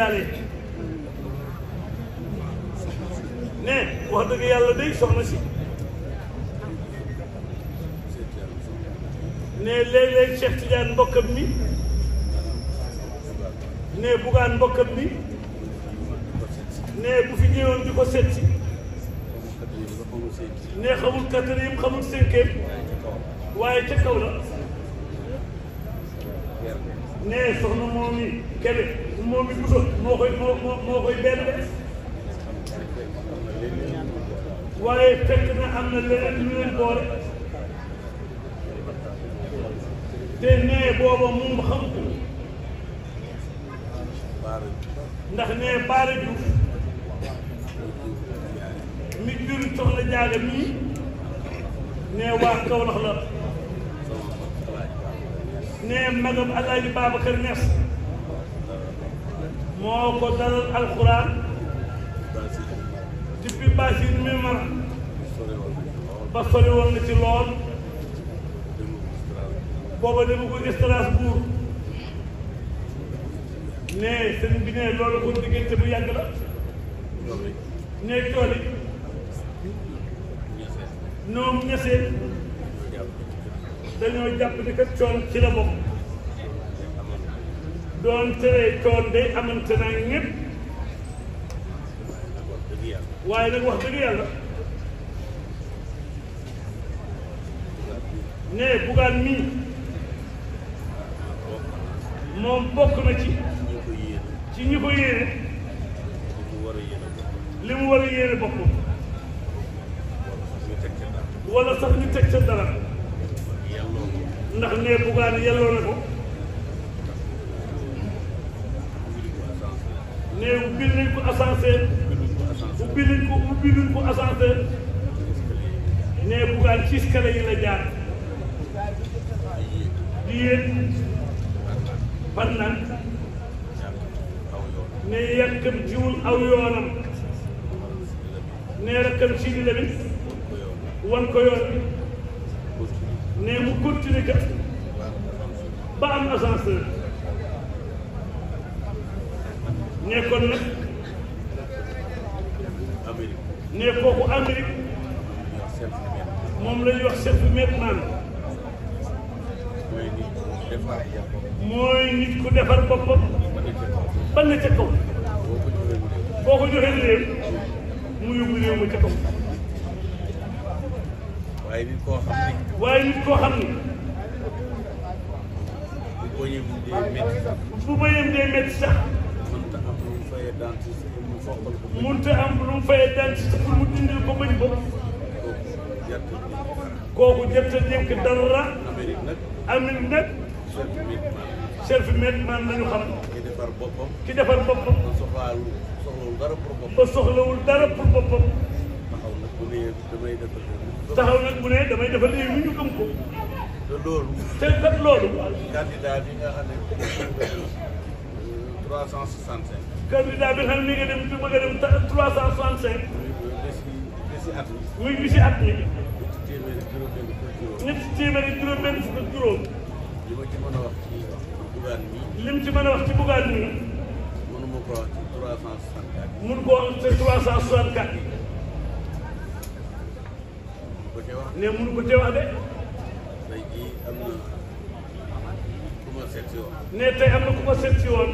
diggaale ne wax dëgg yàlla day soxna si ne léeg-léeg Cheikh Tidiane mbokkam mi ne bugaan mbokkam mi ne bu fi ñëwoon di ko seet si ne xamul quatrième xamul cinquième waaye ca kaw la ne soxna moom mi kebe moom mi musal moo koy moo moo koy benn waaye fekk na am na leneen lu leen boole te nee booba moom xam ko ndax nee Baara Diouf mi jur soxna jaaga mii nee waa Kawlax la nee magam Alaaji Babacar Niass moo ko bi alxuraan depuis Bachir mi ma ba sori woon na ci lool booba dama ko Strasbourg ne sëñ bi ne loolu kon diggante bu yàgg la ne tool yi ñoom dañoo jàpp ni kat coon ci la bokk doonte koon day amante naa ñëpp waaye nag wax dëgg yàlla ne bugaan mii moom bokk na ci ci ñi ko yéene li mu war a yéene boppam wala sax ñu teg ca dara ndax ne bugaan yelloo na ko ne ubbil nañ ko ascenseur ubbil nañ ko ubbil nañ ko ascenseur ne bugaan ci escalier yi la jaar di yéen ban naan ne jiwul aw yoonam ne rakkam si di lamin wan ko yoon bi ne mu continuer kat ba am ascenseur ne kon nag ne kooku Amérique moom la ñuy wax self-made man mooy nit ku defar boppam ban na ca kaw boo ko joxee réew mu yóbbu réew ma ca kaw waaye nit koo xam ne waaye nit koo xam ne bu bëyeem dee métti sax fay dentiste mu foqal ko. mënta am lu mu fay dentiste pour mu dindil ko bëñ bopp. kooku jot a nekk dara. Amérique nag. Amérique nag. self made man lañu xam. ki defar boppam. ki defar boppam. ba soxlawul soxlawul dara pour boppam. ba soxlawul dara pour boppam. taxaw nag bu ne damay defal taxaw nag bu ne damay defal réew mi ñu gëm ko. te loolu. te kat loolu. candidat bi nga xam ne 365. Euh, candidat bi xam ne mi ngi dem ci bëgg a dem trois cent soixante cinq. muy bisi at mi. ñetti téeméeri juróom benn fukk ak juróom. li ma ci mën a wax ci bugaan mi. lim ci mën a wax ci bugaan mi. mënu ma ko wax ci trois cent soixante quatre. mënu ko wax ci trois cent soixante quatre. ne mënu ko cee wax de. tey jii am na ku ma seet si woon. ne tey am na ku ma seet si woon.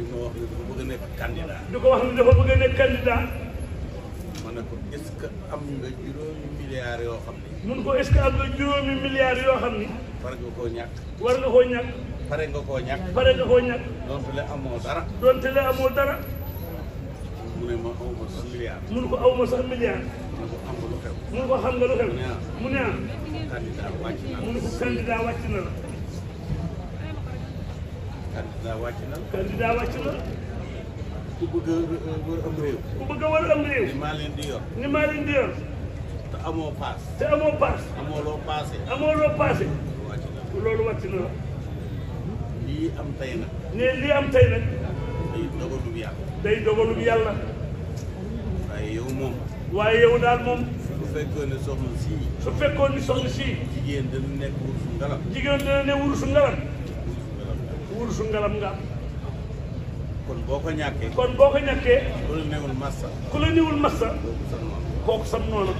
bi ma wax ne dafa bëgg a nekk candidat. di ko wax ne dafa bëgg a nekk candidat. ma ne ko est ce que am nga juróomi milliards yoo xam ni. mun ko est ce que am nga juróomi milliards yoo xam ni. war nga koo ñàkk. war nga koo ñàkk. pare nga koo ñàkk. pare nga koo ñàkk. donte le amoo dara. donte le amoo dara. mu ne ma aw ma sax milliard. mun ko aw ma sax milliard. mun ko am nga lu xew. mun ko xam nga lu xew. mu ne ah. mu ne ah. candidat wàcc na la. mun ko candidat wàcc na la. candidat wàcc na. candidat wàcc na. ku bëgg a war am réew. ku bëgg a war am réew. ni maa leen ni maa leen te amoo paas. te amoo paas. amoo loo paase. amoo loo paase. loolu wàcc la. lii am tey nag. lii am tey nag. day dogalub yàlla. day dogalub yàlla. waaye yow moom. waaye yow daal moom. su fekkoon ne soxna sii. su fekkoon ne sii. jigéen dana nekk wurusu ngalam. jigéen dana ne wurusu ngalam. kursu ngalam nga kon boo ko ñàkkee kon boo ko ñàkkee ku la newul massa ku la newul massa kooku sam noona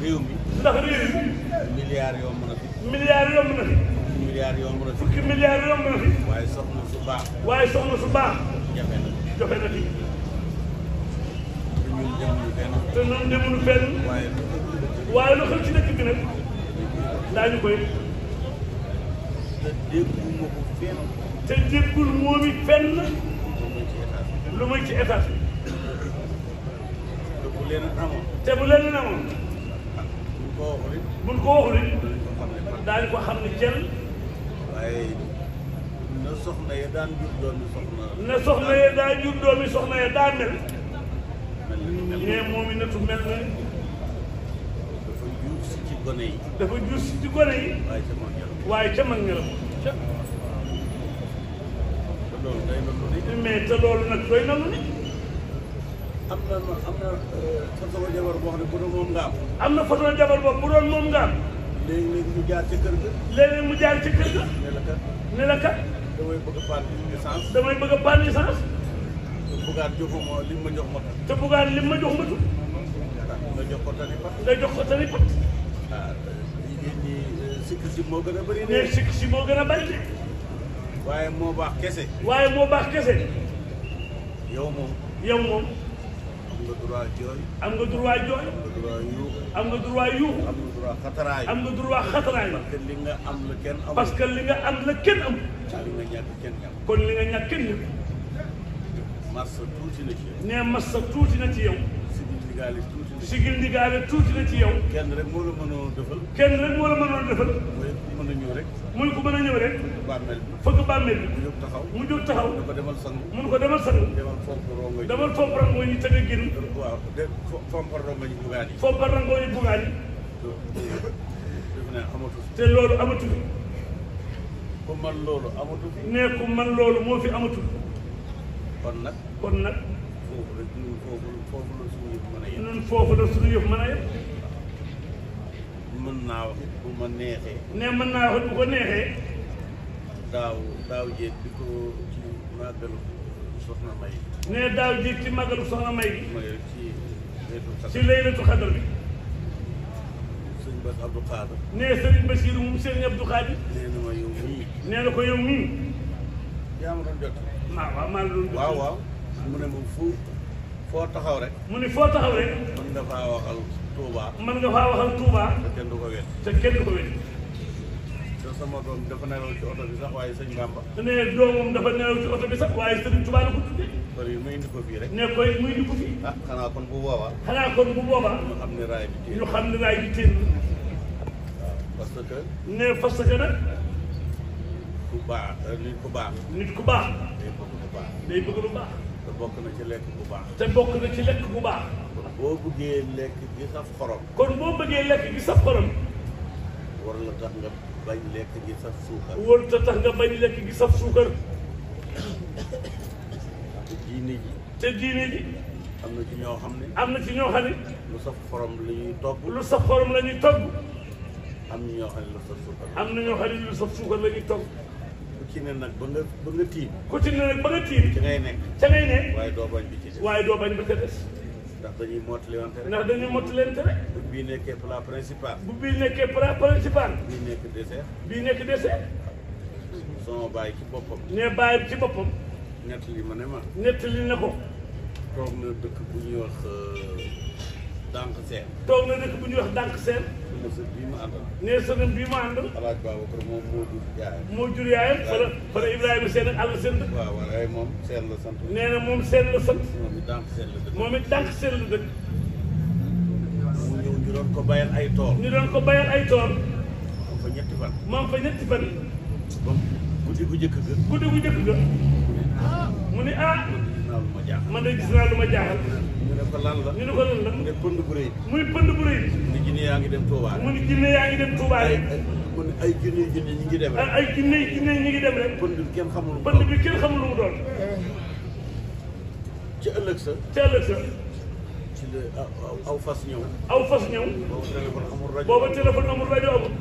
mi ndax réew mi milliards yomb na fi milliards yomb na fi waaye soxna su baax waaye soxna su baax jafe na jafe na fi te ñun demuñu waaye lu xew ci dëkk bi nag daañu koy te dégguma ko fenn. te moom it fenn. lu muy ci état bi. te bu leen amoon. te bu leen amoon. buñ ko waxul it. daal ko xam ne jël. waaye na soxna ya daan jur doomi soxna. na daan jur doomi moom it natu mel na. dafa jur si ci gone yi. dafa jur ci gone yi. waaye ca mag ña la moom mais te loolu nag doy na lu ne am na am na euh, photo jabar boo xam ne bu doon moom nga am am na photo jabar boobu bu doon moom nga am léeg-léeg mu jaar ci kër ga léeg-léeg mu jaar ci kër ga ne la kat ne la kat damay bëgg a paal licence damay bëgg a paal licence te bugaat joxuma li ma jox ma te bugaat li ma jox ma tut nga jox ko tani pat nga jox ko tani pat ah, sikki si moo gën a bëri de. mais sikki si moo gën a bëri de. waaye moo baax kese. waaye moo baax kese. yow moom. yow moom. am nga droit jooy. am nga droit jooy. am nga droit yuuxu. am nga droit yuuxu. am nga droit xataraay. am nga droit xataraay. parce que li nga am la kenn am. parce que li nga am la kenn am. li nga ñàkk kenn ñàkk. kon li nga ñàkk kenn ñàkk. massa tuuti na ci yow. nee massa tuuti na ci yow. sigil ndigaale tuuti la ci yow. kenn rek moo la mënoon defal. kenn rek moo la mënoon defal. mooy ku mën a ñëw rek. muy ku mën a ñëw rek. fëgg bàmmeel bi fëgg bàmmeel bi. mu jóg taxaw mu jóg taxaw. mu ko demal sang. mun ko demal sang. demal fomp rongo yi. demal fomp rongo yi tëdd génn. waaw de fomp rongo yi bugaan yi. fomp rongo yi bugaan yi. te loolu amatu fi. ku man loolu amatu fi. ne ku man loolu moo fi amatu. kon nag kon nag. foofu rek foofu foofu la ñun foofu la suñu yëf mën a yëpp. mën naa wax bu ma neexee. ne mën naa wax bu ko neexee. daaw daaw jéeg bi ko ci màggalu soxna May. ne daaw jéeg ci màggalu soxna May bi. ci laylatu xadar bi. sëñ Bass Abdou Khadre. nee sëriñ Bachir moom sëriñ Abdou Khadre. nee na ma yow mii. nee na ko yow mii. yaa ma doon maa waaw mu ne ma fuuf. foo taxaw rek. mu ni foo taxaw rek. mën nga faa waxal Touba. mën nga faa waxal Touba. te kenn du ko wét. te kenn du ko wét. te sama doom dafa nelaw ci oto bi sax waaye sëñ Bamba. ne doomam dafa nelaw ci oto bi sax waaye sëñ Touba la ko tuddee. kon it muy indi ko fii rek. ne ko it muy indi ko fii. ah xanaa kon bu boobaa. xanaa kon bu boobaa. ñu xam ne raay bi téye ñu xam ne raay bi téye. waaw ah, parce que. ne parce que nag. ku baax nit ku baax. nit ku baax. day bëgg lu baax. day bëgg lu baax. te bokk na ci lekk bu baax. te bokk na ci lekk bu baax. kon boo bëggee lekk gi saf xorom. kon boo bëggee lekk gi saf xorom. war la tax nga bañ lekk gi saf suukar. war la tax nga gi saf suukar. te diine ji. te diine ji. am na ci ñoo xam ne. am na ci ñoo xam ne. lu saf xorom la ñuy togg. lu saf xorom la ñuy togg. am na ñoo xam ne lu saf suukar. am na ñoo xam ne lu saf suukar togg. ci ne nag ba nga ba nga tiim. ku ci ne nag ba nga ngay nekk. ca ngay nekk. waaye doo bañ bi ci des. waaye doo bañ bi ci des. ndax dañuy mottaliwante rek. ndax dañuy mottaliwante rek. bu bii nekkee plat principal. bu bii nekkee plat principal. bii nekk dessert. bii nekk dessert. sama bàyyi ci boppam. ne bàyyi ci boppam. nettali ma ne ma. nettali na ko. toog na dëkk bu ñuy wax euh, dànk seen. toog na dëkk bu ñuy wax dànk seen. ne sëñ bii ma àndal. nee sëñ bii ma àndal. El Hadj Babacar moom moo jur yaayam. moo jur yaayam. waaw fële fële Ibrahima seen ak àll seen dëkk. waaw waaye moom seen la sant. nee na moom seen la sant. moom it dànk seen la dëkk. moom it dànk seen la dëkk. mu ñëw ñu doon ko bayal ay tool. ñu doon ko bayal ay tool. moom fa ñetti fan. moom fa ñetti fan. ba guddi gu njëkk ga. guddi gu njëkk ga. mu ne ah. ah. man de gis naa lu ma jaaxal. ñu ne ko lan la. ñu ne ko lan la. mu ne pënd bu rëy. muy pënd bu rëy. jinne yaa ngi dem Touba mu ni jinne yaa ngi dem Touba rek kon ay jinne jinne ñi ngi dem rek ay bi kenn xamul lu bi kenn xamul lu mu doon ci ëllëg sa ci ëllëg sa ci la aw fas ñëw aw fas ñëw boobu téléphone amul rajo boobu téléphone amul rajo amul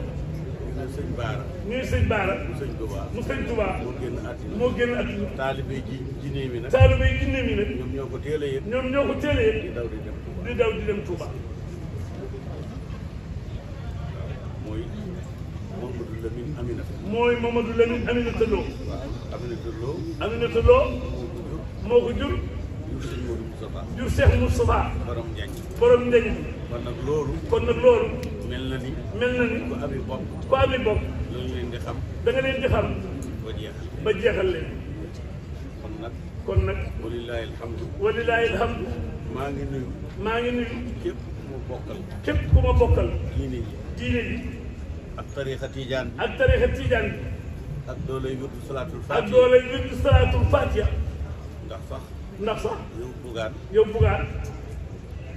ñu sëñ Baara ñu sëñ Baara mu sëñ Touba mu sëñ Touba moo génn àddina moo génn àddina taalibe ji jinne mi nag taalibe jinne mi nag ñoom ñoo ko teel a yëg ñoom ñoo ko teel a yëg di daw Aminata. mooy Mamadou Lamine Aminata Lo. waaw Aminata Lo. Aminata Lo. moo ko jur. jur Cheikh Moustapha. jur Cheikh Moustapha. borom njañ. borom njañ. kon nag loolu. kon nag loolu. mel na ni. mel na ni. ku ami bopp. ku ami bopp. da nga leen di xam. da nga leen di xam. ba jeexal ba jeexal leen. kon nag. kon nag. walilaahi alhamdu. walilaahi alhamdu. maa ngi nuyu. maa ngi nuyu. képp ku ma bokkal. képp ku ma bokkal. diine ji diine ji. ak tariixa tiijaan bi. ak tariixa tiijaan bi. ak doo lay wirdu salaatul faatiha. ak doo lay ndax sax. ndax sax. yow bugaan. yow bugaan.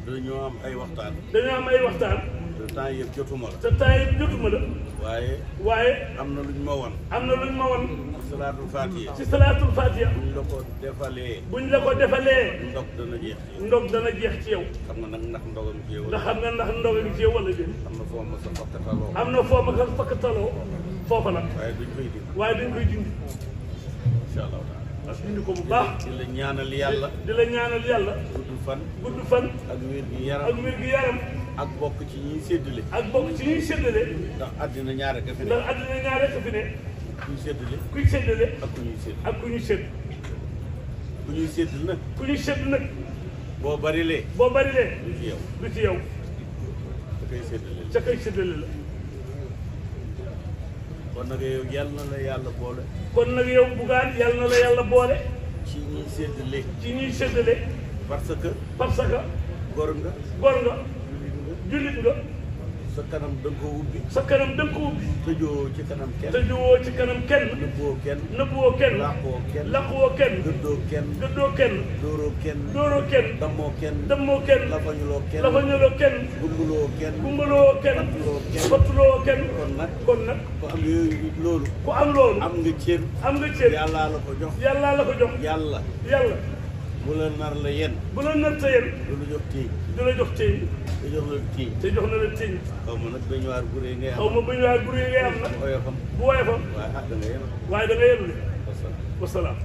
dañoo am ay waxtaan. dañoo am ay waxtaan. te temps yëpp jotuma la. te temps yëpp jotuma la. waaye. waaye. am na luñ ma won am na luñ ma won salaatul faatiha ci salaatul faatiha buñ la ko defalee buñ la ko defalee ndog dana jeex ci ndog dana jeex ci xam nga nag ndax ndogam ci yow ndax xam nga na foo ma sa fakkataloo am foo ma sa fakkataloo foofa la waaye duñ koy dindi waaye duñ koy dindi incha allah parce que dindi ko bu baax di la ñaanal yàlla di yàlla gudd fan gudd fan ak wér gi yaram ak wér gi yaram ak bokk ci ñuy séddale ak bokk ci ñuy séddale ndax àddina ñaar rek fi àddina ñaar rek fi ne kuy séddale. kuy séddale. ak ku ñuy sédd. ak ku ñuy sédd. ku ñuy sédd nag. ku ñuy sédd nag. boo bari lee. boo bari lee. du ci yow du ci yow. sa koy séddale la la. kon nag yow yal na la yàlla boole. kon nag yow bugaan yal na la yàlla boole. ci ñuy séddale. ci ñuy séddale. parce que. parce gor nga. gor nga. jullit nga. sa kanam da nga ko ubbi. sa kanam da nga ko ubbi. tëjoo ci kanam kenn. tëjoo ci kanam kenn. nëbboo kenn. nëbboo kenn. làqoo kenn. làqoo kenn. gëddoo kenn. gëddoo kenn. dóoroo kenn. dóoroo kenn. dammoo kenn. dammoo kenn. lafañuloo kenn. lafañuloo kenn. gumbaloo kenn. gumbaloo kenn. fattuloo kenn. fattuloo kenn. kon nag. kon nag. ku am yooyu loolu. ku am loolu. am nga cër. am nga cër. yàllaa la ko jox. yàllaa la ko jox. yàlla. yàlla. bu la nar la yen bu la nar te yen du la jox téy du la jox téy te jox na la téy te jox na la téy xaw ma nag bañ waar gurée ngay am xaw ma bañ waar gurée ngay am nag bu woyofam bu woyofam ah, da nga yenu waaye da nga yenu wasalaam